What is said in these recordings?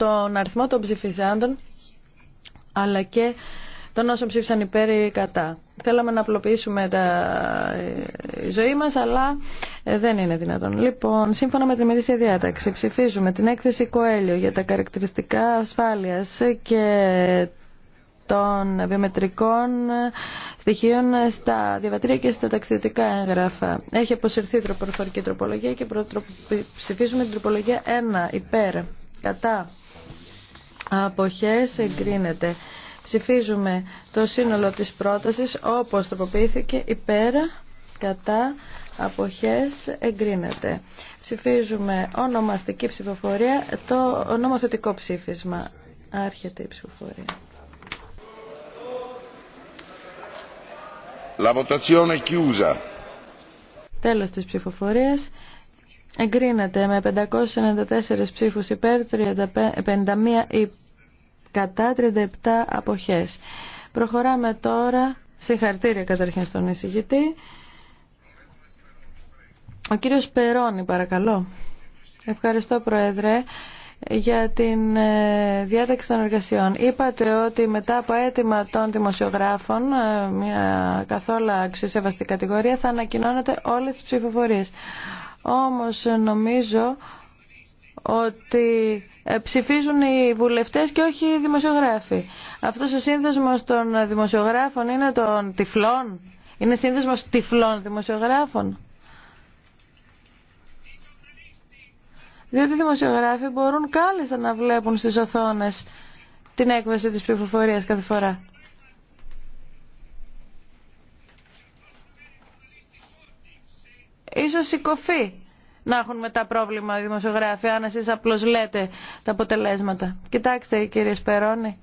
τον αριθμό των ψηφιζάντων αλλά και των όσων ψήφισαν υπέρ ή κατά. Θέλαμε να απλοποιήσουμε τα... Ε, η ζωή μας, αλλά ε, δεν είναι δυνατόν. Λοιπόν, σύμφωνα με την ημερήσια διάταξη, ψηφίζουμε την έκθεση Κοέλιο για τα χαρακτηριστικά ασφάλειας και των βιομετρικών στοιχείων στα διαβατήρια και στα ταξιδιωτικά έγγραφα. Έχει αποσυρθεί τροπορφορική τροπολογία και ψηφίζουμε την τροπολογία 1 υπέρ κατά Αποχές εγκρίνεται. Ψηφίζουμε το σύνολο της πρότασης όπως τροποποιήθηκε υπέρ, κατά, αποχές εγκρίνεται. Ψηφίζουμε ονομαστική ψηφοφορία, το νομοθετικό ψήφισμα. Άρχεται η ψηφοφορία. La votazione Τέλος της ψηφοφορίας εγκρίνεται με 594 ψήφους υπέρ, 51 ή κατά 37 αποχές. Προχωράμε τώρα, συγχαρτήρια καταρχήν στον εισηγητή. Ο κύριος Περώνη παρακαλώ. Ευχαριστώ Πρόεδρε για την ε, διάταξη των εργασιών. Είπατε ότι μετά από αίτημα των δημοσιογράφων, ε, μια καθόλου αξιοσεβαστή κατηγορία, θα ανακοινώνεται όλες τις ψηφοφορίες. Όμως νομίζω ότι ε, ψηφίζουν οι βουλευτές και όχι οι δημοσιογράφοι. Αυτός ο σύνδεσμος των δημοσιογράφων είναι των τυφλών. Είναι σύνδεσμος τυφλών δημοσιογράφων. Διότι οι δημοσιογράφοι μπορούν κάλλιστα να βλέπουν στις οθόνες την έκβαση της ψηφοφορίας κάθε φορά. ίσως σηκωθεί να έχουν μετά πρόβλημα οι δημοσιογράφοι, αν εσείς απλώς λέτε τα αποτελέσματα. Κοιτάξτε κύριε Σπερώνη,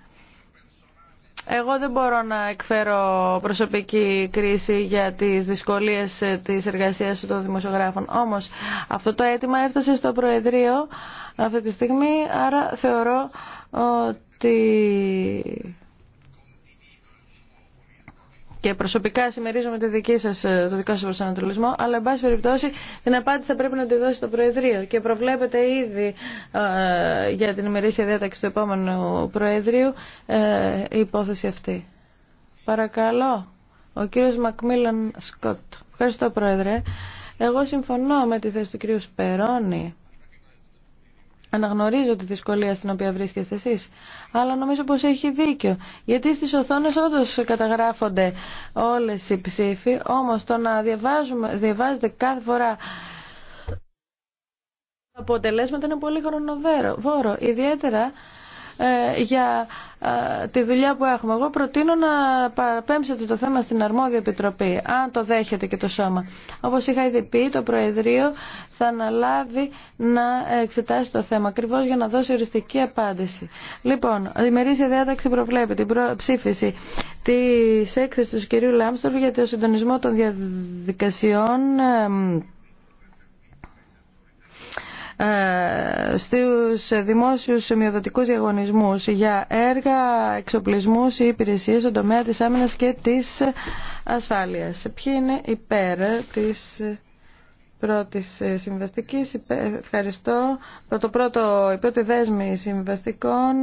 εγώ δεν μπορώ να εκφέρω προσωπική κρίση για τις δυσκολίες ε, της εργασίας των δημοσιογράφων. Όμως αυτό το αίτημα έφτασε στο Προεδρείο αυτή τη στιγμή, άρα θεωρώ ότι και προσωπικά συμμερίζομαι τη δική σας, ε, το δικό σας προσανατολισμό, αλλά εν πάση περιπτώσει την απάντηση θα πρέπει να τη δώσει το Προεδρείο και προβλέπεται ήδη ε, για την ημερήσια διάταξη του επόμενου Προεδρείου ε, η υπόθεση αυτή. Παρακαλώ, ο κύριος Μακμίλαν Σκότ. Ευχαριστώ Πρόεδρε. Εγώ συμφωνώ με τη θέση του κυρίου Σπερώνη. Αναγνωρίζω τη δυσκολία στην οποία βρίσκεστε εσείς, αλλά νομίζω πως έχει δίκιο. Γιατί στις οθόνες όντως καταγράφονται όλες οι ψήφοι, όμως το να διαβάζουμε, διαβάζετε κάθε φορά αποτελέσματα είναι πολύ χρονοβόρο, ιδιαίτερα ε, για ε, τη δουλειά που έχουμε. Εγώ προτείνω να παραπέμψετε το θέμα στην αρμόδια επιτροπή, αν το δέχεται και το σώμα. Όπως είχα ήδη πει, το Προεδρείο θα αναλάβει να εξετάσει το θέμα, ακριβώ για να δώσει οριστική απάντηση. Λοιπόν, η μερίσια διάταξη προβλέπει την ψήφιση τη έκθεση του κυρίου Λάμστορφ για το συντονισμό των διαδικασιών ε, στους δημόσιους ομοιοδοτικούς διαγωνισμούς για έργα, εξοπλισμού ή υπηρεσίες στον τομέα της άμυνας και της ασφάλειας. Ποιοι είναι υπέρ της πρώτης συμβαστικής. Ευχαριστώ. Το πρώτο, η πρώτη δέσμη συμβαστικών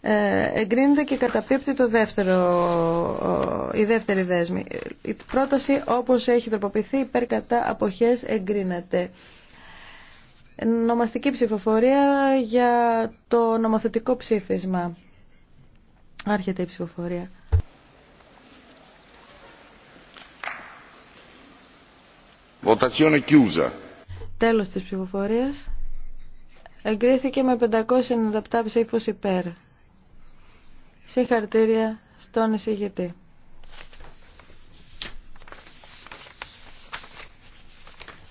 ε, εγκρίνεται και καταπίπτει το δεύτερο, η δεύτερη δέσμη. Η πρόταση όπως έχει τροποποιηθεί υπέρ κατά αποχές εγκρίνεται. Νομαστική ψηφοφορία για το νομοθετικό ψήφισμα. Άρχεται η ψηφοφορία. Votazione chiusa. Τέλος της ψηφοφορίας. Εγκρίθηκε με 597 ψήφους υπέρ. Συγχαρητήρια στον εισηγητή.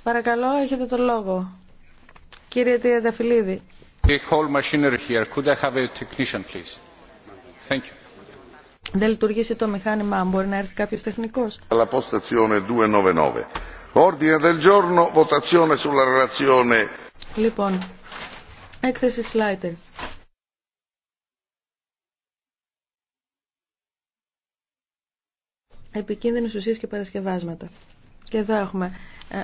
Παρακαλώ, έχετε το λόγο. Κύριε Τριανταφυλλίδη. Δεν λειτουργήσε το μηχάνημα, μπορεί να έρθει κάποιος τεχνικός. Αλλά 299. Ordine del giorno, votazione sulla relazione. Λοιπόν, έκθεση Σλάιτερ. Επικίνδυνες ουσίες και παρασκευάσματα. Και εδώ έχουμε ε,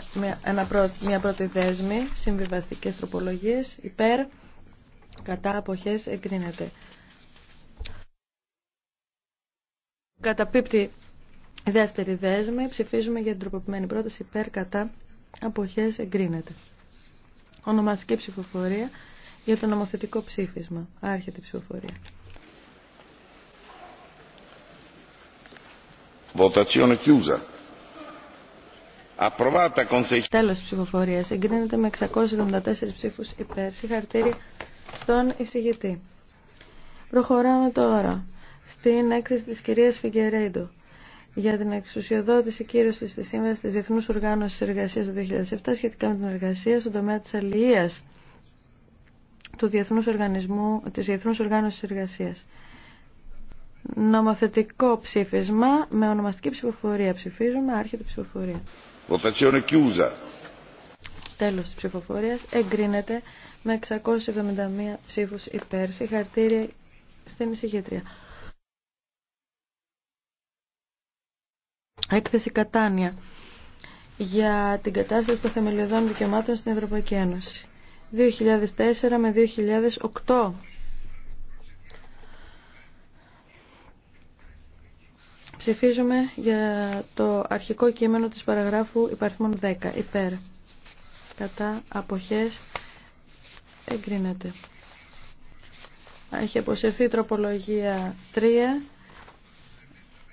μια, πρώτη δέσμη, συμβιβαστικές τροπολογίες, υπέρ, κατά αποχές εγκρίνεται. Κατά η δεύτερη δέσμη, ψηφίζουμε για την τροποποιημένη πρόταση υπέρ, κατά αποχές εγκρίνεται. Ονομαστική ψηφοφορία για το νομοθετικό ψήφισμα. Άρχεται η ψηφοφορία. Votazione chiusa. Απροβάτα τη Τέλος της ψηφοφορίας. Εγκρίνεται με 674 ψήφους υπέρ. Συγχαρητήρια στον εισηγητή. Προχωράμε τώρα στην έκθεση της κυρίας Φιγκερέντο για την εξουσιοδότηση κύρωση τη Σύμβαση τη Διεθνού Οργάνωση Εργασία του 2007 σχετικά με την εργασία στον τομέα τη αλληλεία του Διεθνούς Οργανισμού, της Διεθνούς Οργάνωσης Εργασίας. Νομοθετικό ψήφισμα με ονομαστική ψηφοφορία. Ψηφίζουμε άρχεται ψηφοφορία. Votazione chiusa. Τέλος της ψηφοφορίας εγκρίνεται με 671 ψήφους υπέρ. Συγχαρτήρια στην εισηγήτρια. Έκθεση Κατάνια για την κατάσταση των θεμελιωδών δικαιωμάτων στην Ευρωπαϊκή Ένωση. 2004 με 2008. Ψηφίζουμε για το αρχικό κείμενο της παραγράφου υπαριθμών 10. Υπέρ. Κατά αποχές εγκρίνεται. Έχει αποσυρθεί η τροπολογία 3.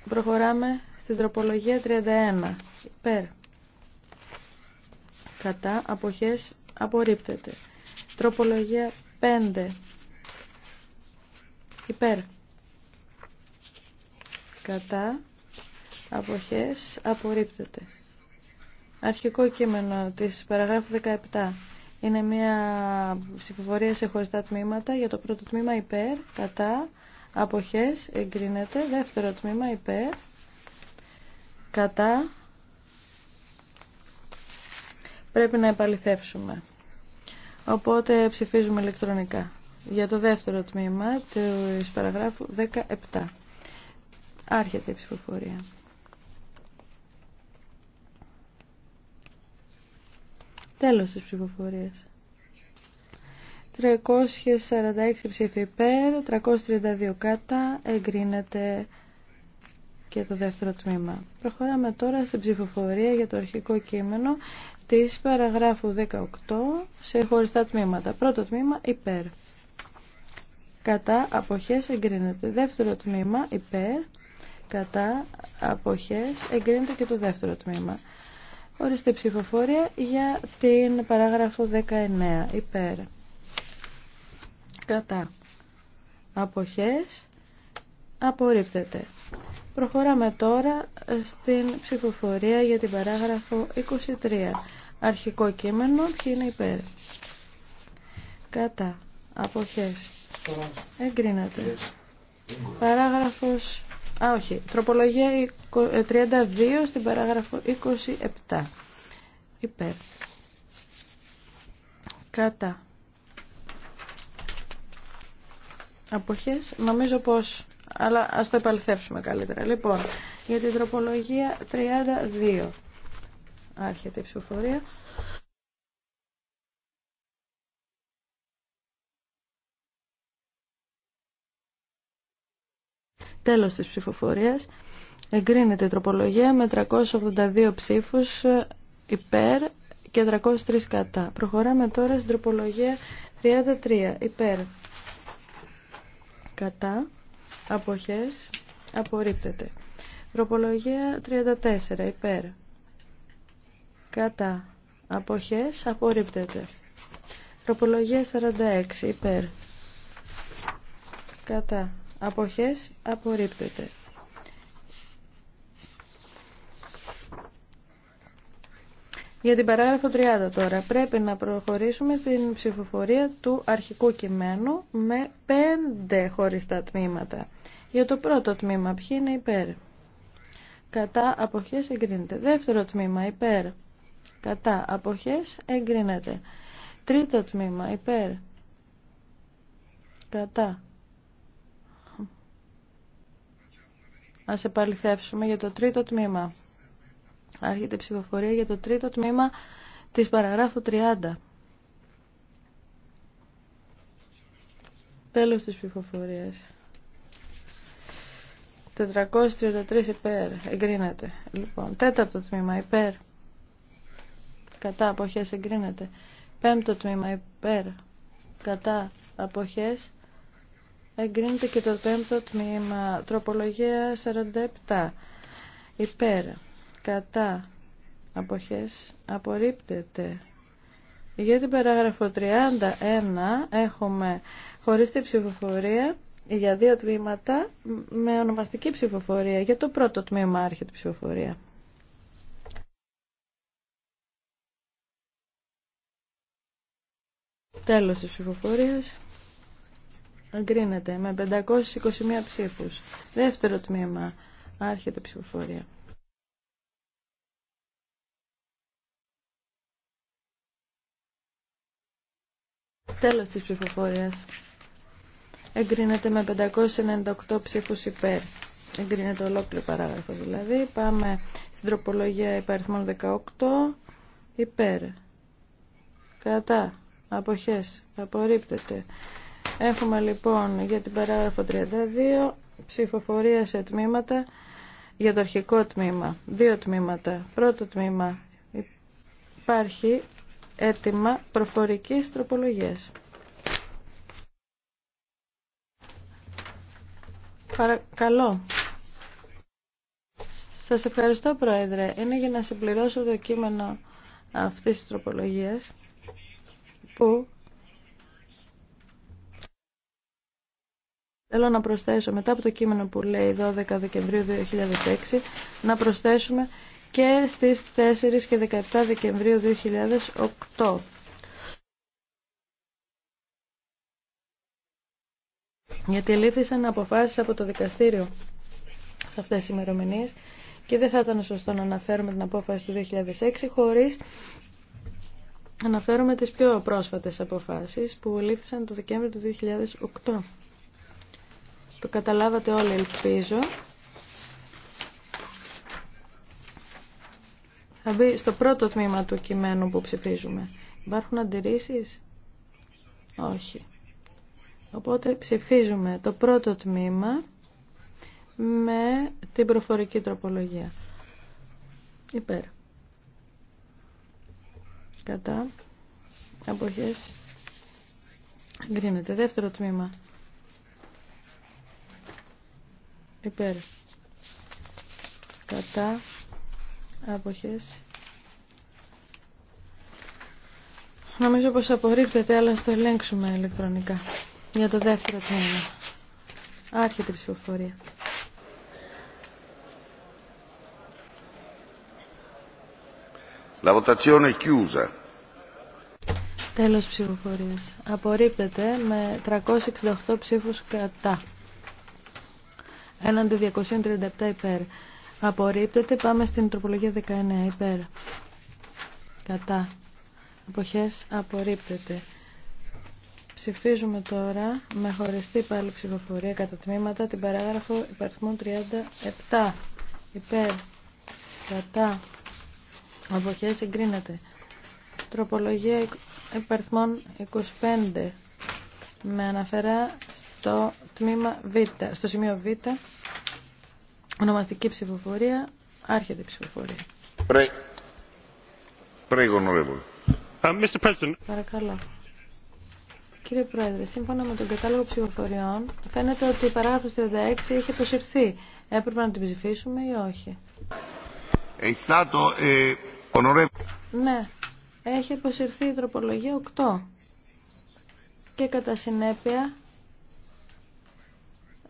Προχωράμε στην τροπολογία 31. Υπέρ. Κατά αποχές απορρίπτεται. Τροπολογία 5. Υπέρ κατά αποχές απορρίπτεται. Αρχικό κείμενο της παραγράφου 17 είναι μια ψηφοφορία σε χωριστά τμήματα. Για το πρώτο τμήμα υπέρ, κατά, αποχές, εγκρίνεται. Δεύτερο τμήμα υπέρ, κατά, πρέπει να επαληθεύσουμε. Οπότε ψηφίζουμε ηλεκτρονικά. Για το δεύτερο τμήμα της παραγράφου 17. Άρχεται η ψηφοφορία. Τέλος της ψηφοφορίας. 346 ψήφοι υπέρ, 332 κάτα, εγκρίνεται και το δεύτερο τμήμα. Προχωράμε τώρα στην ψηφοφορία για το αρχικό κείμενο της παραγράφου 18 σε χωριστά τμήματα. Πρώτο τμήμα υπέρ. Κατά αποχές εγκρίνεται. Δεύτερο τμήμα υπέρ κατά αποχές εγκρίνεται και το δεύτερο τμήμα. Ορίστε ψηφοφόρια για την παράγραφο 19 υπέρ. Κατά αποχές απορρίπτεται. Προχωράμε τώρα στην ψηφοφορία για την παράγραφο 23. Αρχικό κείμενο, ποιοι είναι υπέρ. Κατά. Αποχές. Εγκρίνεται. Παράγραφος Α, όχι. Τροπολογία 32 ε, στην παράγραφο 27. Υπέρ. Κατά. Αποχές. Νομίζω πως... Αλλά ας το επαληθεύσουμε καλύτερα. Λοιπόν, για την τροπολογία 32. Άρχεται η ψηφοφορία. Τέλος της ψηφοφορίας. Εγκρίνεται η τροπολογία με 382 ψήφους ε, υπέρ και 303 κατά. Προχωράμε τώρα στην τροπολογία 33 υπέρ. Κατά. Αποχές. Απορρίπτεται. Τροπολογία 34 υπέρ. Κατά. Αποχές. Απορρίπτεται. Τροπολογία 46 υπέρ. Κατά. Αποχές απορρίπτεται. Για την παράγραφο 30 τώρα πρέπει να προχωρήσουμε στην ψηφοφορία του αρχικού κειμένου με πέντε χωριστά τμήματα. Για το πρώτο τμήμα ποιοι είναι υπέρ. Κατά αποχές εγκρίνεται. Δεύτερο τμήμα υπέρ. Κατά αποχές εγκρίνεται. Τρίτο τμήμα υπέρ. Κατά Ας επαληθεύσουμε για το τρίτο τμήμα. Άρχεται η ψηφοφορία για το τρίτο τμήμα της παραγράφου 30. Τέλος της ψηφοφορίας. 433 υπέρ. Εγκρίνεται. Λοιπόν, τέταρτο τμήμα υπέρ. Κατά αποχές εγκρίνεται. Πέμπτο τμήμα υπέρ. Κατά αποχές εγκρίνεται και το πέμπτο τμήμα. Τροπολογία 47. Υπέρ. Κατά. Αποχές. Απορρίπτεται. Για την παράγραφο 31 έχουμε χωριστή ψηφοφορία για δύο τμήματα με ονομαστική ψηφοφορία. Για το πρώτο τμήμα άρχεται ψηφοφορία. Τέλος της ψηφοφορίας. Εγκρίνεται με 521 ψήφους. Δεύτερο τμήμα. Άρχεται ψηφοφορία. Τέλος της ψηφοφορίας. Εγκρίνεται με 598 ψήφους υπέρ. Εγκρίνεται ολόκληρο παράγραφο δηλαδή. Πάμε στην τροπολογία υπαριθμών 18. Υπέρ. Κατά. Αποχές. Απορρίπτεται. Έχουμε λοιπόν για την παράγραφο 32 ψηφοφορία σε τμήματα για το αρχικό τμήμα. Δύο τμήματα. Πρώτο τμήμα υπάρχει έτοιμα προφορικής τροπολογίας. Παρακαλώ. Σας ευχαριστώ Πρόεδρε. Είναι για να συμπληρώσω το κείμενο αυτής της τροπολογίας που Θέλω να προσθέσω μετά από το κείμενο που λέει 12 Δεκεμβρίου 2006 να προσθέσουμε και στις 4 και 17 Δεκεμβρίου 2008. Γιατί ελήφθησαν αποφάσεις από το δικαστήριο σε αυτές τις ημερομηνίες και δεν θα ήταν σωστό να αναφέρουμε την απόφαση του 2006 χωρίς αναφέρουμε τις πιο πρόσφατες αποφάσεις που ελήφθησαν το Δεκέμβριο του 2008. Το καταλάβατε όλοι, ελπίζω. Θα μπει στο πρώτο τμήμα του κειμένου που ψηφίζουμε. Υπάρχουν αντιρρήσεις? Όχι. Οπότε ψηφίζουμε το πρώτο τμήμα με την προφορική τροπολογία. Υπέρ. Κατά. Αποχές. Γκρίνεται. Δεύτερο τμήμα. υπέρ κατά αποχές νομίζω πως απορρίπτεται αλλά στο ελέγξουμε ηλεκτρονικά για το δεύτερο τμήμα άρχεται η ψηφοφορία La votazione Τέλος ψηφοφορίας. Απορρίπτεται με 368 ψήφους κατά έναντι 237 υπέρ. Απορρίπτεται. Πάμε στην τροπολογία 19 υπέρ. Κατά. Αποχές απορρίπτεται. Ψηφίζουμε τώρα με χωριστή πάλι ψηφοφορία κατά τμήματα την παράγραφο υπαριθμών 37. Υπέρ. Κατά. Αποχές συγκρίνεται. Τροπολογία υπαριθμών 25. Με αναφερά στο τμήμα Β. Στο σημείο Β, ονομαστική ψηφοφορία, άρχεται η ψηφοφορία. Ε, Παρακαλώ. Κύριε Πρόεδρε, σύμφωνα με τον κατάλογο ψηφοφοριών, φαίνεται ότι η παράγραφος 36 έχει προσυρθεί. Έπρεπε να την ψηφίσουμε ή όχι. Ε, ναι, έχει αποσυρθεί η τροπολογία 8 και κατά συνέπεια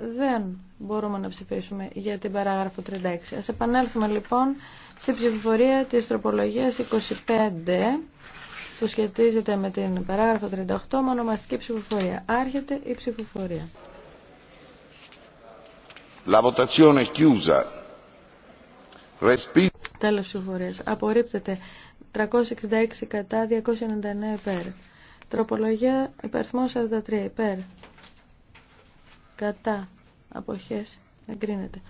δεν μπορούμε να ψηφίσουμε για την παράγραφο 36. Ας επανέλθουμε λοιπόν στην ψηφοφορία της τροπολογίας 25 που σχετίζεται με την παράγραφο 38 με ονομαστική ψηφοφορία. Άρχεται η ψηφοφορία. La votazione chiusa. Τέλος ψηφοφορίας. Απορρίπτεται 366 κατά 299 υπέρ. Τροπολογία υπερθμός 43 υπέρ κατά αποχές εγκρίνεται.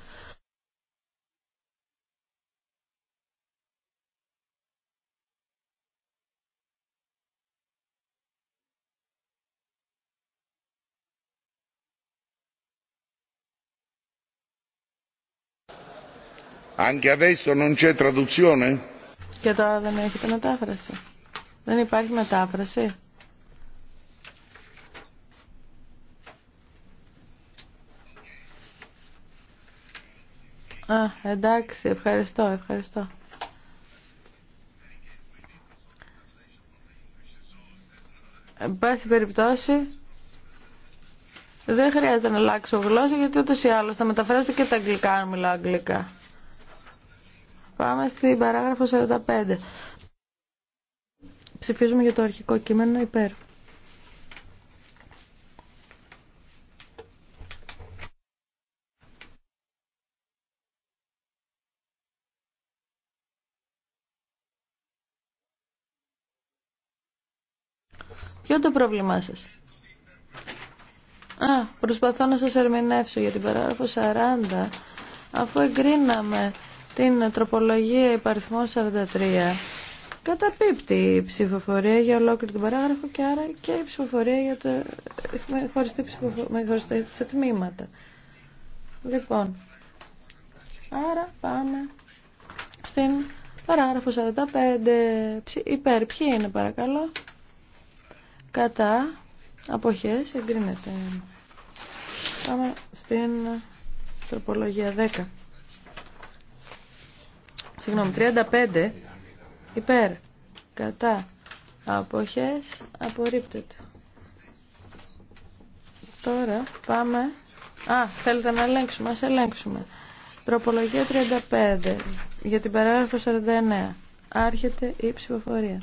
Και τώρα δεν έχετε μετάφραση. Δεν υπάρχει μετάφραση. Α, εντάξει, ευχαριστώ, ευχαριστώ. Εν πάση περιπτώσει, δεν χρειάζεται να αλλάξω γλώσσα γιατί ούτω ή άλλω θα μεταφράζεται και τα αγγλικά αν μιλάω αγγλικά. Πάμε στην παράγραφο 45. Ψηφίζουμε για το αρχικό κείμενο υπέρ. Ποιο είναι το πρόβλημά σα. Α, προσπαθώ να σας ερμηνεύσω για την παράγραφο 40. Αφού εγκρίναμε την τροπολογία υπαριθμών 43, καταπίπτει η ψηφοφορία για ολόκληρη την παράγραφο και άρα και η ψηφοφορία για το... με χωριστή, ψηφοφορία σε τμήματα. Λοιπόν, άρα πάμε στην παράγραφο 45. Υπέρ, ποιοι είναι παρακαλώ κατά αποχές εγκρίνεται. Πάμε στην τροπολογία 10. Συγγνώμη, 35 υπέρ κατά αποχές απορρίπτεται. Τώρα πάμε... Α, θέλετε να ελέγξουμε, ας ελέγξουμε. Τροπολογία 35 για την παράγραφο 49. Άρχεται η ψηφοφορία.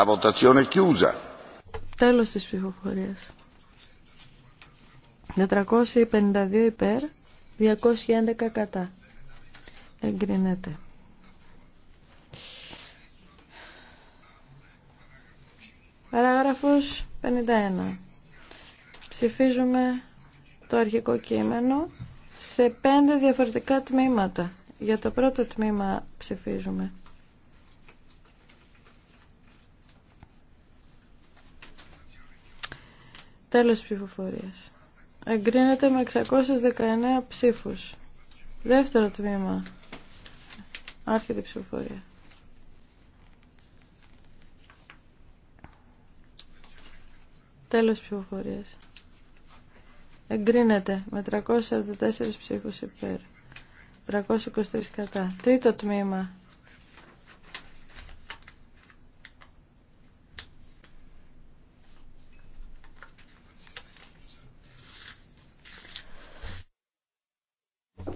La votazione è chiusa. Τέλος της ψηφοφορίας. 452 υπέρ, 211 κατά. Εγκρινέται. Παράγραφος 51. Ψηφίζουμε το αρχικό κείμενο σε πέντε διαφορετικά τμήματα. Για το πρώτο τμήμα ψηφίζουμε. Τέλος ψηφοφορίας. Εγκρίνεται με 619 ψήφους. Δεύτερο τμήμα. Άρχεται η ψηφοφορία. Τέλος ψηφοφορίας. Εγκρίνεται με 344 ψήφους υπέρ. 323 κατά. Τρίτο τμήμα.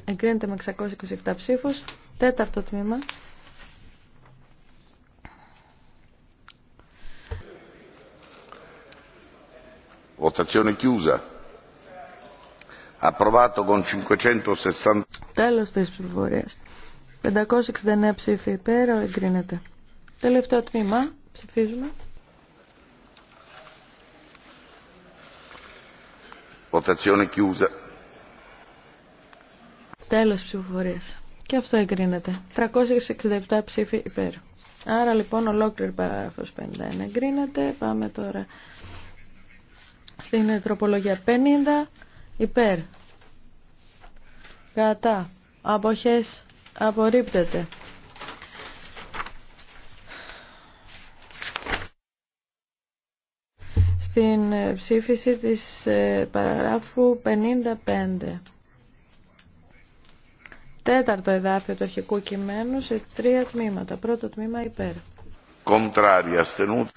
Εγκρίνεται με 627 ψήφους. Τέταρτο τμήμα. Votazione chiusa. Approvato con 560. Τέλος της ψηφοφορίας. 569 ψήφοι υπέρ, εγκρίνεται. Τελευταίο τμήμα, ψηφίζουμε. Votazione chiusa. Τέλος ψηφοφορίας. Και αυτό εγκρίνεται. 367 ψήφοι υπέρ. Άρα λοιπόν ολόκληρη παράγραφος 51 εγκρίνεται. Πάμε τώρα στην τροπολογία 50 υπέρ. Κατά. Αποχές απορρίπτεται. Στην ψήφιση της ε, παραγράφου 55 τέταρτο εδάφιο του αρχικού κειμένου σε τρία τμήματα. Πρώτο τμήμα υπέρ. Κοντράρια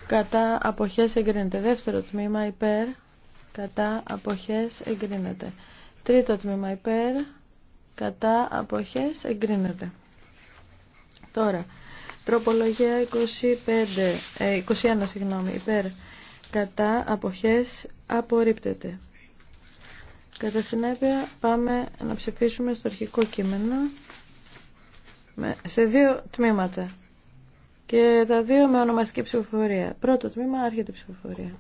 Κατά αποχές εγκρίνεται. Δεύτερο τμήμα υπέρ. Κατά αποχές εγκρίνεται. Τρίτο τμήμα υπέρ. Κατά αποχές εγκρίνεται. Τώρα, τροπολογία 25, 21 ε, συγγνώμη, υπέρ. Κατά αποχές απορρίπτεται. Κατά συνέπεια πάμε να ψηφίσουμε στο αρχικό κείμενο σε δύο τμήματα και τα δύο με ονομαστική ψηφοφορία. Πρώτο τμήμα άρχεται ψηφοφορία.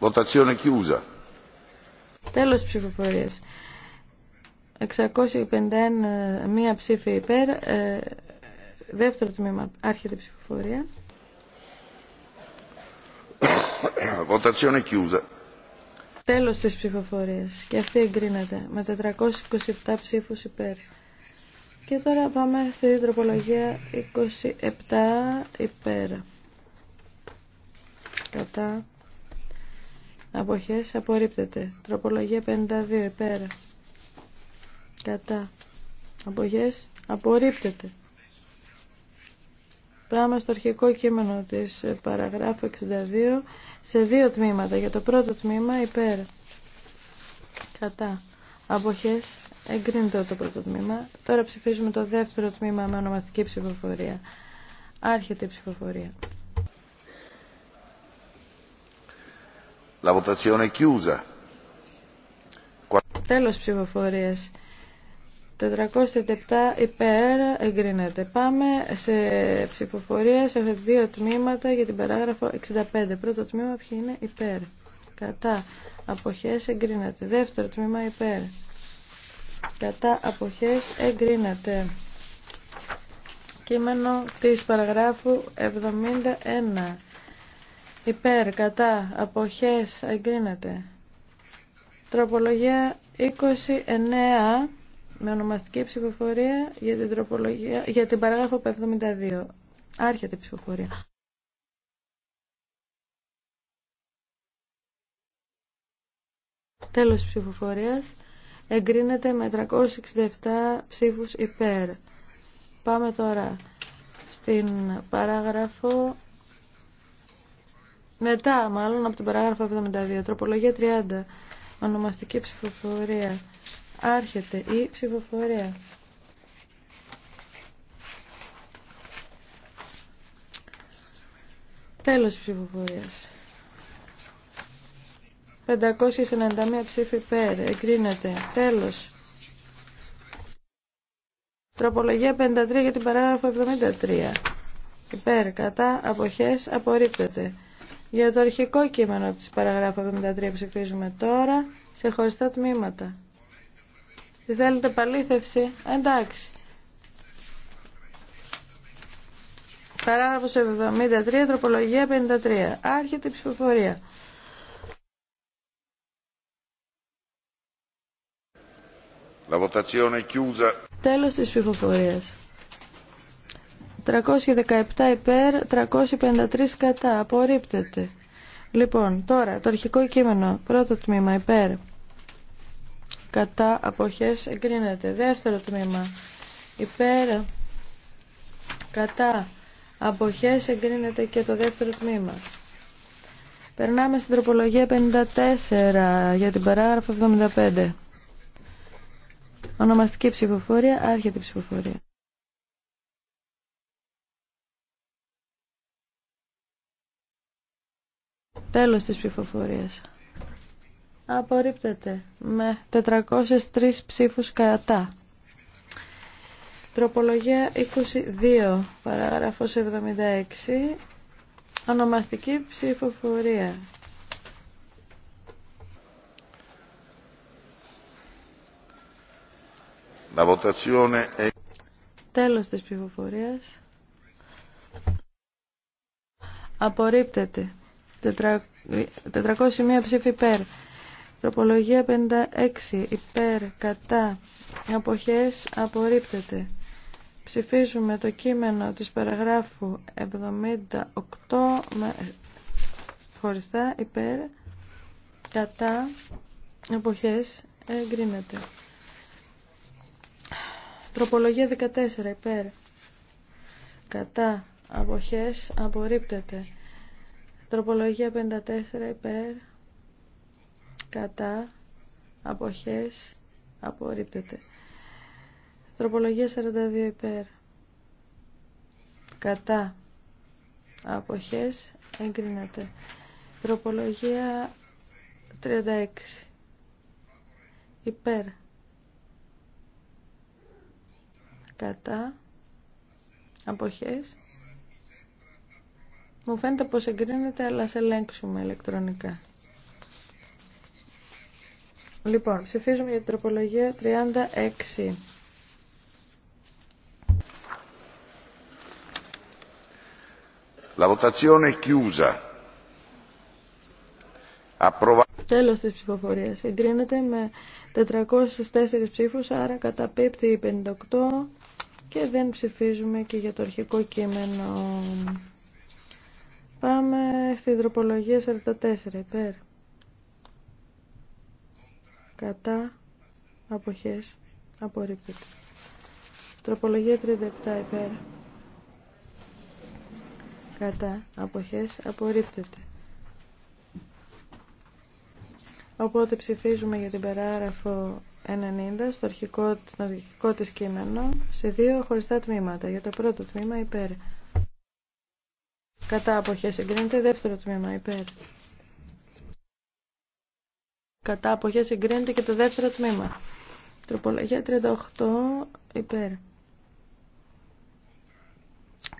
Τέλο Τέλος ψηφοφορίας. 651 μία ψήφη υπέρ. Ε, δεύτερο τμήμα άρχεται ψηφοφορία. Votazione chiusa. Τέλος της ψηφοφορίας. Και αυτή εγκρίνεται με 427 ψήφους υπέρ. Και τώρα πάμε στη τροπολογία 27 υπέρ. Κατά. Αποχές απορρίπτεται. Τροπολογία 52 υπέρ. Κατά. Αποχές απορρίπτεται. Πάμε στο αρχικό κείμενο της ε, παραγράφου 62 σε δύο τμήματα. Για το πρώτο τμήμα υπέρ κατά αποχές εγκρίνεται το πρώτο τμήμα. Τώρα ψηφίζουμε το δεύτερο τμήμα με ονομαστική ψηφοφορία. Άρχεται η ψηφοφορία. La votazione Τέλος ψηφοφορίας. 407 υπέρ εγκρίνεται. Πάμε σε ψηφοφορία σε δύο τμήματα για την παράγραφο 65. Πρώτο τμήμα ποιο είναι υπέρ. Κατά αποχές εγκρίνεται. Δεύτερο τμήμα υπέρ. Κατά αποχές εγκρίνεται. Κείμενο της παραγράφου 71. Υπέρ, κατά, αποχές, εγκρίνεται. Τροπολογία 29 με ονομαστική ψηφοφορία για την, τροπολογία, για την παράγραφο 72. Άρχεται η ψηφοφορία. Τέλος ψηφοφορίας. Εγκρίνεται με 367 ψήφους υπέρ. Πάμε τώρα στην παράγραφο... Μετά, μάλλον, από την παράγραφο 72, τροπολογία 30, ονομαστική ψηφοφορία. Άρχεται η ψηφοφορία. Τέλος ψηφοφορίας. 591 ψήφοι υπέρ. Εγκρίνεται. Τέλος. Τροπολογία 53 για την παράγραφο 73. Υπέρ, κατά, αποχές, απορρίπτεται. Για το αρχικό κείμενο της παραγράφου 73 ψηφίζουμε τώρα σε χωριστά τμήματα. Τι Θέλετε παλήθευση. Εντάξει. Παράγραφος 73, τροπολογία 53. Άρχεται η ψηφοφορία. La votazione chiusa. Τέλος της ψηφοφορίας. 317 υπέρ, 353 κατά. Απορρίπτεται. Λοιπόν, τώρα το αρχικό κείμενο. Πρώτο τμήμα υπέρ κατά αποχές εγκρίνεται. Δεύτερο τμήμα υπέρ κατά αποχές εγκρίνεται και το δεύτερο τμήμα. Περνάμε στην τροπολογία 54 για την παράγραφο 75. Ονομαστική ψηφοφορία, άρχεται ψηφοφορία. Τέλος της ψηφοφορίας απορρίπτεται με 403 ψήφους κατά. Τροπολογία 22, παράγραφος 76, ονομαστική ψηφοφορία. La votazione è... Τέλος της ψηφοφορίας. Απορρίπτεται. 401 ψήφι υπέρ. Τροπολογία 56 υπέρ κατά αποχές απορρίπτεται. Ψηφίζουμε το κείμενο της παραγράφου 78 με χωριστά υπέρ κατά αποχές εγκρίνεται. Τροπολογία 14 υπέρ κατά αποχές απορρίπτεται. Τροπολογία 54 υπέρ κατά αποχές απορρίπτεται. Τροπολογία 42 υπέρ κατά αποχές εγκρίνεται. Τροπολογία 36 υπέρ κατά αποχές μου φαίνεται πως εγκρίνεται αλλά σε ελέγξουμε ηλεκτρονικά Λοιπόν, ψηφίζουμε για την τροπολογία 36. La votazione è chiusa. Approva... Τέλος της ψηφοφορίας. Εγκρίνεται με 404 ψήφους, άρα καταπίπτει 58 και δεν ψηφίζουμε και για το αρχικό κείμενο. Πάμε στην τροπολογία 44, υπέρ κατά αποχές απορρίπτεται. Τροπολογία 37 υπέρ κατά αποχές απορρίπτεται. Οπότε ψηφίζουμε για την παράγραφο 90 στο αρχικό, στο αρχικό της κείμενο σε δύο χωριστά τμήματα. Για το πρώτο τμήμα υπέρ. Κατά αποχές εγκρίνεται δεύτερο τμήμα υπέρ κατά αποχές συγκρίνεται και το δεύτερο τμήμα. Τροπολογία 38 υπέρ.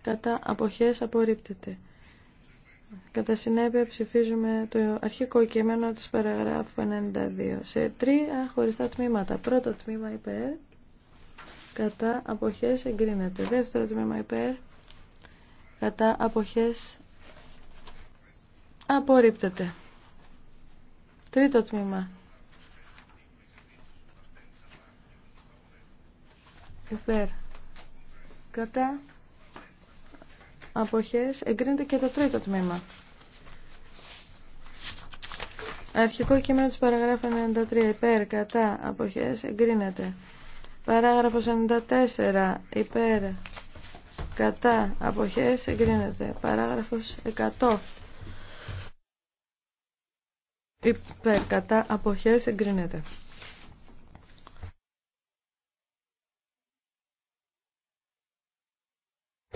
Κατά αποχές απορρίπτεται. Κατά συνέπεια ψηφίζουμε το αρχικό κείμενο της παραγράφου 92 σε τρία χωριστά τμήματα. Πρώτο τμήμα υπέρ, κατά αποχές εγκρίνεται. Δεύτερο τμήμα υπέρ, κατά αποχές απορρίπτεται. Τρίτο τμήμα. Υπέρ. Κατά. Αποχές. Εγκρίνεται και το τρίτο τμήμα. Αρχικό κείμενο της παραγράφου 93. Υπέρ. Κατά. Αποχές. Εγκρίνεται. Παράγραφος 94. Υπέρ. Κατά. Αποχές. Εγκρίνεται. Παράγραφος 100. Υπέρ κατά αποχές εγκρίνεται.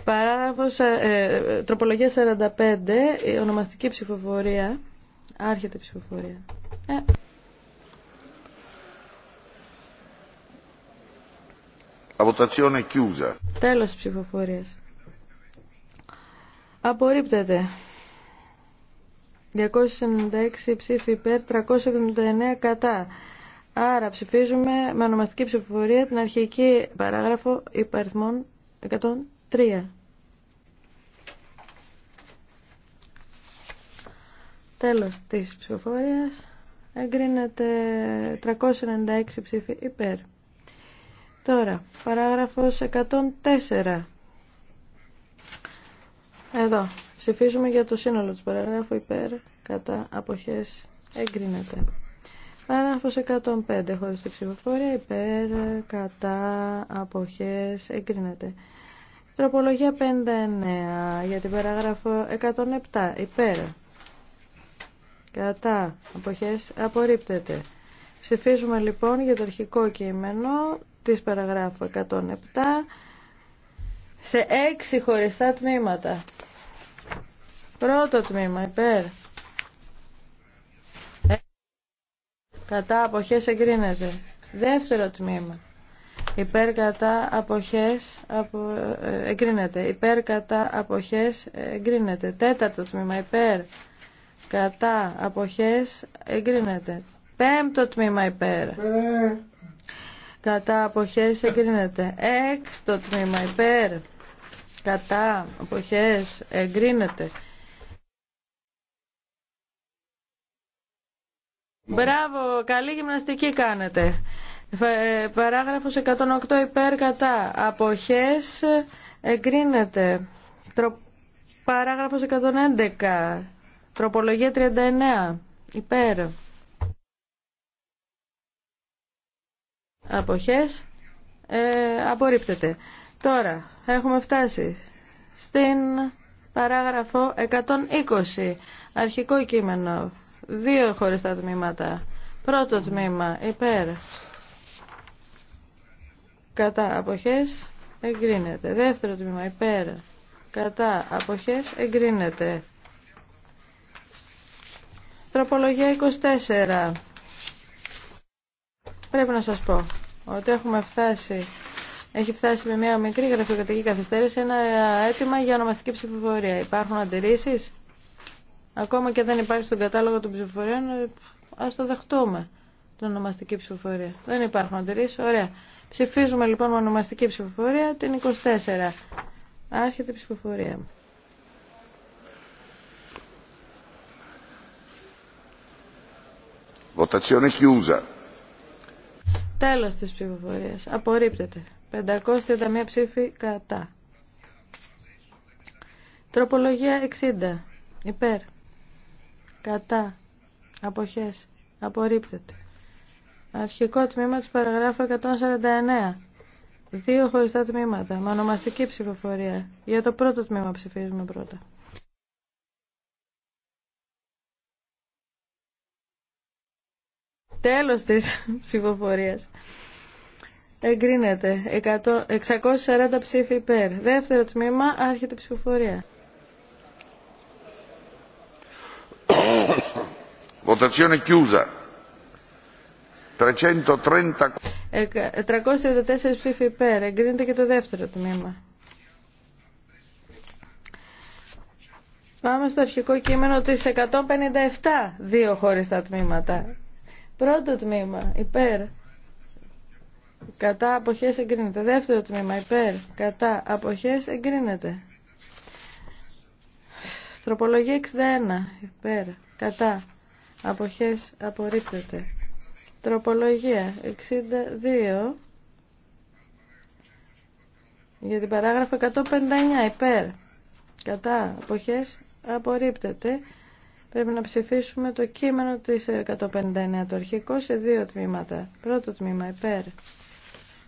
Παράγραφος ε, ε τροπολογία 45, ονομαστική ψηφοφορία, άρχεται ψηφοφορία. Ε. Τέλος ψηφοφορίας. Απορρίπτεται. 296 ψήφοι υπέρ, 379 κατά. Άρα ψηφίζουμε με ονομαστική ψηφοφορία την αρχική παράγραφο υπαριθμών 103. Τέλος της ψηφοφορίας εγκρίνεται 396 ψήφοι υπέρ. Τώρα, παράγραφος 104. Εδώ, Ψηφίζουμε για το σύνολο του παραγράφου υπέρ κατά αποχές εγκρίνεται. Παράγραφος 105 χωρίς τη ψηφοφορία υπέρ κατά αποχές εγκρίνεται. Τροπολογία 59 για την παράγραφο 107 υπέρ κατά αποχές απορρίπτεται. Ψηφίζουμε λοιπόν για το αρχικό κείμενο της παραγράφου 107 σε 6 χωριστά τμήματα. Πρώτο τμήμα υπέρ. Ε, κατά αποχές εγκρίνεται. Δεύτερο τμήμα. Υπέρ κατά αποχές απο... Ε, εγκρίνεται. Υπέρ κατά αποχές εγκρίνεται. Τέταρτο τμήμα. Υπέρ κατά αποχές εγκρίνεται. Πέμπτο τμήμα υπέρ. Κατά αποχές εγκρίνεται. Έξτο τμήμα υπέρ. Κατά αποχές εγκρίνεται. Μπράβο, καλή γυμναστική κάνετε. Παράγραφος 108 υπέρ κατά. Αποχές εγκρίνεται. Τρο... Παράγραφος 111. Τροπολογία 39. Υπέρ. Αποχές. Ε, απορρίπτεται. Τώρα έχουμε φτάσει στην παράγραφο 120. Αρχικό κείμενο. Δύο χωριστά τμήματα. Πρώτο τμήμα υπέρ. Κατά αποχές εγκρίνεται. Δεύτερο τμήμα υπέρ. Κατά αποχές εγκρίνεται. Τροπολογία 24. Πρέπει να σας πω ότι έχουμε φτάσει, έχει φτάσει με μια μικρή γραφειοκρατική καθυστέρηση ένα αίτημα για ονομαστική ψηφοφορία. Υπάρχουν αντιρρήσεις? Ακόμα και δεν υπάρχει στον κατάλογο των ψηφοφοριών, ε, α το δεχτούμε την ονομαστική ψηφοφορία. Δεν υπάρχουν αντιρρήσει. Ωραία. Ψηφίζουμε λοιπόν με ονομαστική ψηφοφορία την 24. Άρχεται η ψηφοφορία. Votazione chiusa. Τέλος της ψηφοφορίας. Απορρίπτεται. 531 ψήφοι κατά. Τροπολογία 60. Υπέρ κατά, αποχές, απορρίπτεται. Αρχικό τμήμα της παραγράφου 149. Δύο χωριστά τμήματα, με ονομαστική ψηφοφορία. Για το πρώτο τμήμα ψηφίζουμε πρώτα. Τέλος της ψηφοφορίας. Εγκρίνεται. 640 ψήφοι υπέρ. Δεύτερο τμήμα, άρχεται ψηφοφορία. Votazione chiusa. 330... 334 ψήφοι υπέρ. Εγκρίνεται και το δεύτερο τμήμα. Πάμε στο αρχικό κείμενο της 157. Δύο χωριστά τμήματα. Πρώτο τμήμα. Υπέρ. Κατά απόχέ εγκρίνεται. Δεύτερο τμήμα. Υπέρ. Κατά απόχέ εγκρίνεται. Τροπολογία 61. Υπέρ. Κατά. Αποχές απορρίπτεται. Τροπολογία 62 για την παράγραφο 159 υπέρ. Κατά αποχές απορρίπτεται. Πρέπει να ψηφίσουμε το κείμενο της 159 το αρχικό σε δύο τμήματα. Πρώτο τμήμα υπέρ.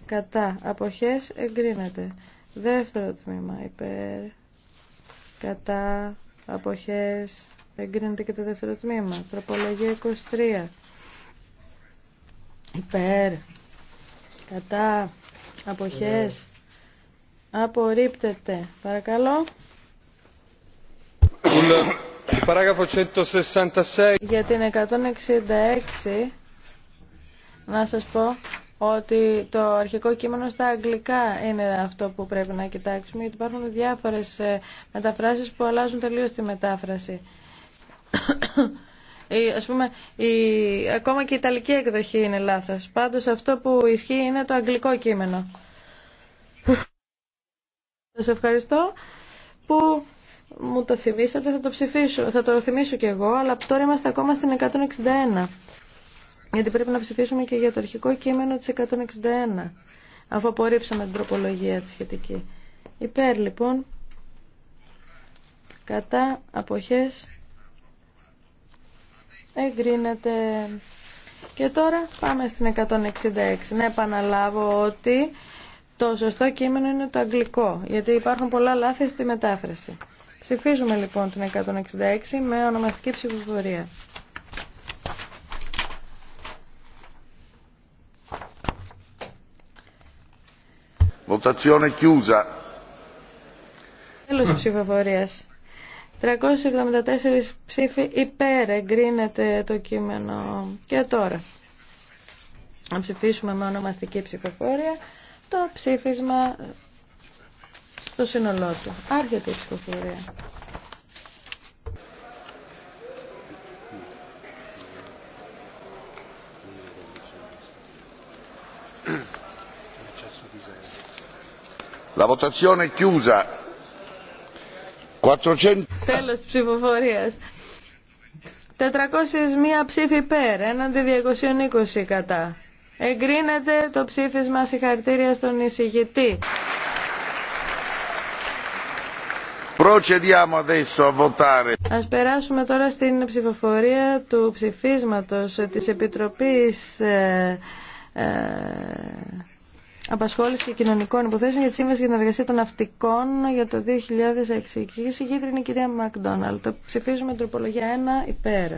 Κατά αποχές εγκρίνεται. Δεύτερο τμήμα υπέρ. Κατά αποχές Εγκρίνεται και το δεύτερο τμήμα. Τροπολογία 23. Υπέρ. Κατά. Αποχές. Απορρίπτεται. Παρακαλώ. Παράγραφο 166. Για την 166 να σας πω ότι το αρχικό κείμενο στα αγγλικά είναι αυτό που πρέπει να κοιτάξουμε γιατί υπάρχουν διάφορες ε, μεταφράσεις που αλλάζουν τελείως τη μετάφραση η, ας πούμε, η, ακόμα και η Ιταλική εκδοχή είναι λάθος. Πάντως αυτό που ισχύει είναι το αγγλικό κείμενο. Σας ευχαριστώ που μου το θυμήσατε, θα το ψηφίσω, θα το θυμίσω κι εγώ, αλλά τώρα είμαστε ακόμα στην 161. Γιατί πρέπει να ψηφίσουμε και για το αρχικό κείμενο της 161, αφού απορρίψαμε την τροπολογία τη σχετική. Υπέρ λοιπόν, κατά αποχές εγκρίνεται. Και τώρα πάμε στην 166. Να επαναλάβω ότι το σωστό κείμενο είναι το αγγλικό, γιατί υπάρχουν πολλά λάθη στη μετάφραση. Ψηφίζουμε λοιπόν την 166 με ονομαστική ψηφοφορία. Votazione chiusa. Τέλος ψηφοφορίας. 374 ψήφοι υπέρ εγκρίνεται το κείμενο. Και τώρα, να ψηφίσουμε με ονομαστική ψηφοφόρια το ψήφισμα στο σύνολό του. Άρχεται η ψηφοφορία. La votazione è chiusa. 400... Τέλος της ψηφοφορίας. 401 ψήφι υπέρ, έναντι 220 κατά. Εγκρίνεται το ψήφισμα συγχαρητήρια στον εισηγητή. Ας περάσουμε τώρα στην ψηφοφορία του ψηφίσματος της Επιτροπής ε, ε, Απασχόληση και Κοινωνικών Υποθέσεων για τη Σύμβαση για την Εργασία των Ναυτικών για το 2006. Η συγκίτρια είναι η κυρία Μακδόναλτ. Ψηφίζουμε τροπολογία 1 υπέρ.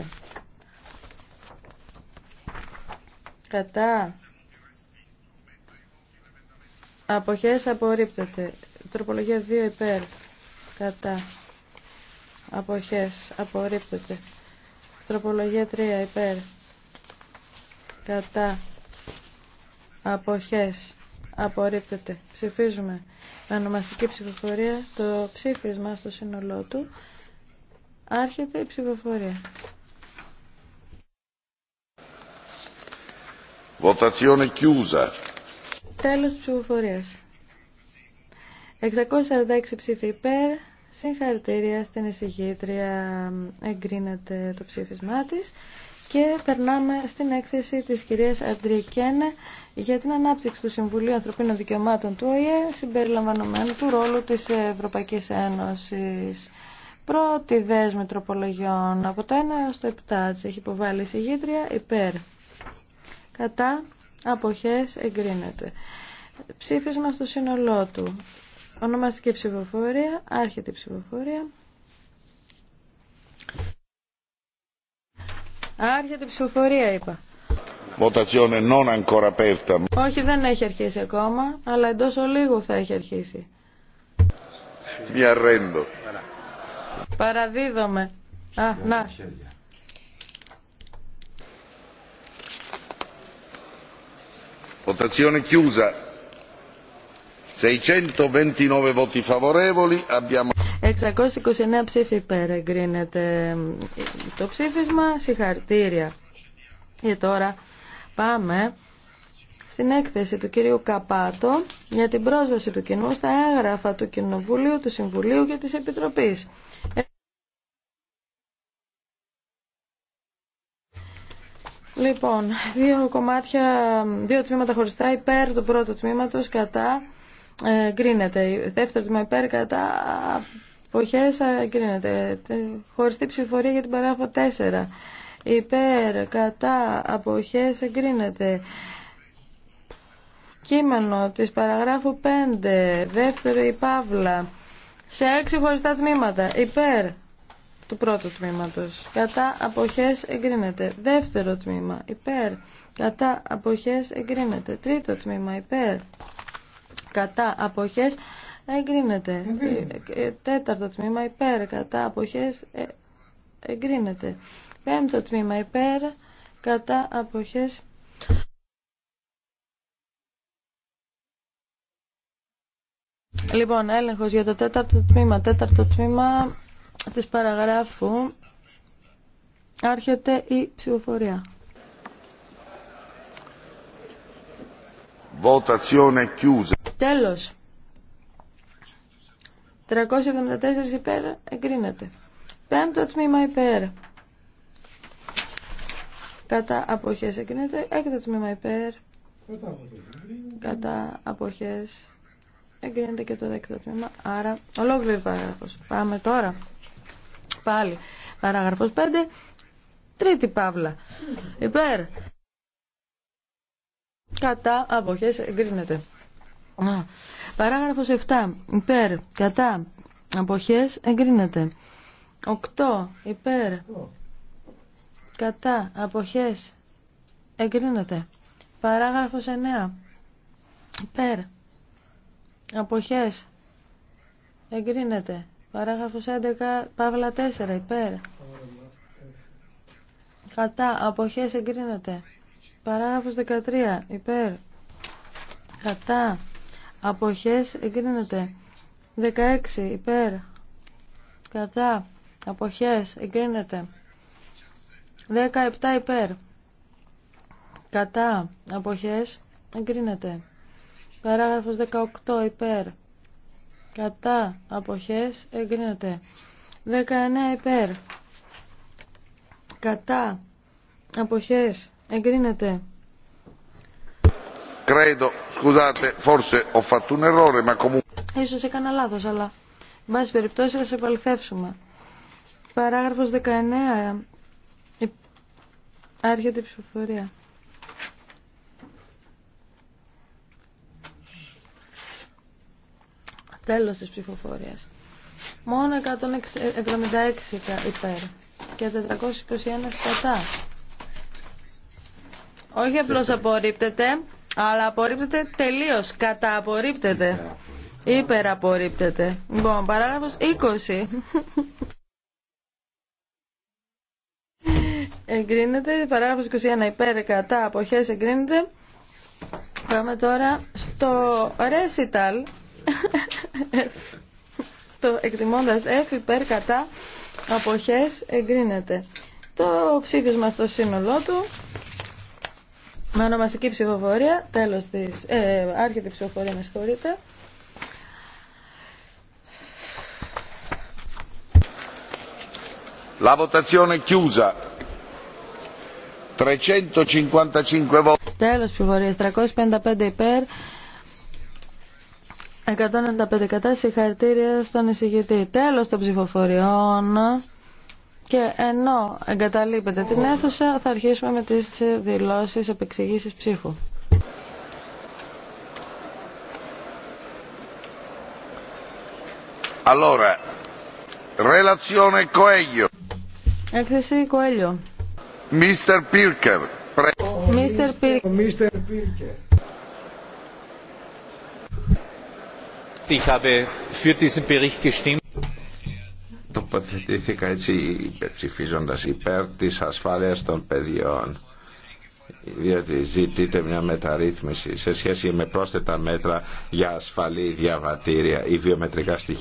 Κατά. Αποχές απορρίπτεται. Τροπολογία 2 υπέρ. Κατά. Αποχές απορρίπτεται. Τροπολογία 3 υπέρ. Κατά. Αποχές απορρίπτεται. Ψηφίζουμε με ονομαστική ψηφοφορία το ψήφισμα στο σύνολό του. Άρχεται η ψηφοφορία. Votazione chiusa. Τέλος ψηφοφορίας. 646 ψήφοι υπέρ. Συγχαρητήρια στην εισηγήτρια. Εγκρίνεται το ψήφισμά της. Και περνάμε στην έκθεση της κυρίας Αντρικένε για την ανάπτυξη του Συμβουλίου Ανθρωπίνων Δικαιωμάτων του ΟΗΕ συμπεριλαμβανομένου του ρόλου της Ευρωπαϊκής Ένωσης. Πρώτη δέσμη τροπολογιών από το 1 το 7 έχει υποβάλει η συγγήτρια υπέρ. Κατά αποχές εγκρίνεται. Ψήφισμα στο σύνολό του. Ονομαστική ψηφοφορία, άρχεται η ψηφοφορία. Άρχεται η ψηφοφορία, είπα. Όχι, δεν έχει αρχίσει ακόμα, αλλά εντό ολίγου θα έχει αρχίσει. Μια ρέντο. Παραδίδομαι. Α, να. Votazione chiusa. 629 voti favorevoli. Abbiamo... 629 ψήφοι υπέρ εγκρίνεται το ψήφισμα. Συγχαρτήρια. Και τώρα πάμε στην έκθεση του κυρίου Καπάτο για την πρόσβαση του κοινού στα έγγραφα του Κοινοβουλίου, του Συμβουλίου και της Επιτροπής. Λοιπόν, δύο κομμάτια, δύο τμήματα χωριστά υπέρ του πρώτου τμήματος κατά ε, γκρίνεται. Δεύτερο τμήμα υπέρ κατά Αποχές εγκρίνεται. Χωριστή ψηφορία για την παράγραφο 4. Υπέρ, κατά, αποχές εγκρίνεται. Κείμενο της παραγράφου 5, η παύλα, σε έξι χωριστά τμήματα, υπέρ του πρώτου τμήματος, κατά αποχές εγκρίνεται. Δεύτερο τμήμα, υπέρ, κατά αποχές εγκρίνεται. Τρίτο τμήμα, υπέρ, κατά αποχές εγκρίνεται. Ε, ε, τέταρτο τμήμα υπέρ κατά αποχές ε, εγκρίνεται. Πέμπτο τμήμα υπέρ κατά αποχές Λοιπόν, έλεγχος για το τέταρτο τμήμα. Τέταρτο τμήμα της παραγράφου άρχεται η ψηφοφορία. Votazione chiusa. Τέλος. 374 υπέρ εγκρίνεται. Πέμπτο τμήμα υπέρ. Κατά αποχές εγκρίνεται. Έκτο τμήμα υπέρ. Κατά αποχές εγκρίνεται και το δέκτο τμήμα. Άρα ολόκληρη παράγραφος. Πάμε τώρα. Πάλι. Παράγραφος 5. Τρίτη παύλα. Υπέρ. Κατά αποχές εγκρίνεται. Παράγραφος 7. Υπέρ, κατά, αποχές, εγκρίνεται. 8. Υπέρ, κατά, αποχές, εγκρίνεται. Παράγραφος 9. Υπέρ, αποχές, εγκρίνεται. Παράγραφος 11, παύλα 4, υπέρ. Κατά, αποχές εγκρίνεται. Παράγραφος 13, υπέρ. Κατά, αποχές εγκρίνεται 16 υπέρ κατά αποχές εγκρίνεται 17 υπέρ κατά αποχές εγκρίνεται παράγραφος 18 υπέρ κατά αποχές εγκρίνεται 19 υπέρ κατά αποχές εγκρίνεται Credo Scusate, forse ho fatto un errore, ma Ίσως έκανα λάθος, αλλά... Εν πάση περιπτώσει, θα επαληθεύσουμε. Παράγραφος 19. Άρχεται η ψηφοφορία. Τέλος της ψηφοφορίας. Μόνο 176 υπέρ και 421 κατά. Όχι απλώς απορρίπτεται, αλλά απορρίπτεται τελείως. Καταπορρίπτεται. Υπεραπορρίπτεται. Λοιπόν, παράγραφος 20. εγκρίνεται. Παράγραφος 21 υπέρ κατά αποχές εγκρίνεται. Πάμε τώρα στο recital. στο εκτιμώντας F υπέρ κατά αποχές εγκρίνεται. Το ψήφισμα στο σύνολό του. Με ονομαστική ψηφοφορία, τέλος της, ε, άρχεται η ψηφοφορία, με συγχωρείτε. La votazione 355 voti. Τέλος ψηφοφορίας, 355 υπέρ, 195 κατά συγχαρητήρια στον εισηγητή. Τέλος των ψηφοφοριών. Και ενώ εγκαταλείπετε την αίθουσα, θα αρχίσουμε με τις δηλώσεις επεξηγήσεις ψήφου. Allora, relazione Coelho. Έκθεση Coelho. Mr. Pirker. Mr. Pirker. Mr. Pirker. Ich habe für diesen Bericht gestimmt τοποθετήθηκα έτσι υπερψηφίζοντας υπέρ της ασφάλειας των παιδιών διότι ζητείται μια μεταρρύθμιση σε σχέση με πρόσθετα μέτρα για ασφαλή διαβατήρια ή βιομετρικά στοιχεία.